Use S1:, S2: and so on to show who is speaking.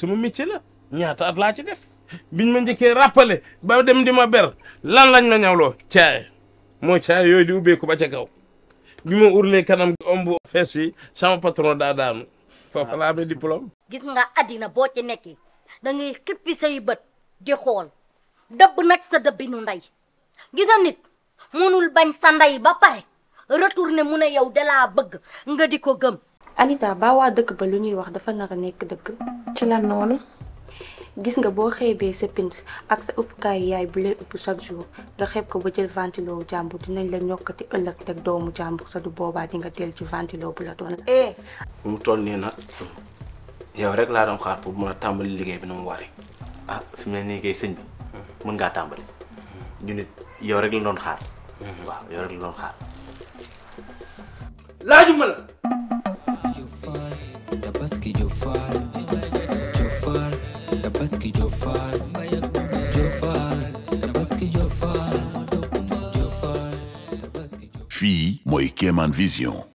S1: suma métier la ñaata at la ci def biñ ma njëkkee rappelé ba dem di ma ber lan lañ ma ñawlo tiaay mo tiaay yoy di ko ba ca kaw bima kanam gi omb yi sama patron da daan fofu la be diplôme.
S2: gis nga adina bo ci nekkee da ngay xippi say bët di xol deub nak sa ñu nday gis na nit mënul bañ sa nday ba paré retourner mu ne yow la bëgg nga diko gëm. Anita ba waa
S3: dëkk ba lu ñuy wax dafa nar a nekk dëkk. ci lan noonu. gis nga boo xeebee sa pind ak sa ëppukaay yaay bu lay ëpp chaque jour nga xeeb ko ba jël ventilo jàmbur dinañ la ñokkati ëllëg teg doomu jàmbur sa du boobaa di nga teel ci ventilo bu la doon. Eh!
S1: mu toll nii nag yow rek laa doon xaar pour mën a tàmbali liggéey bi nu mu waree. ah fi mu ne nii kay sëñ bi ngaa tàmbali. ñu nit yow rek doon xaar. waaw la doon xaar. laajuma mm-hmm. la.
S3: fii mooy Kéemaan Vision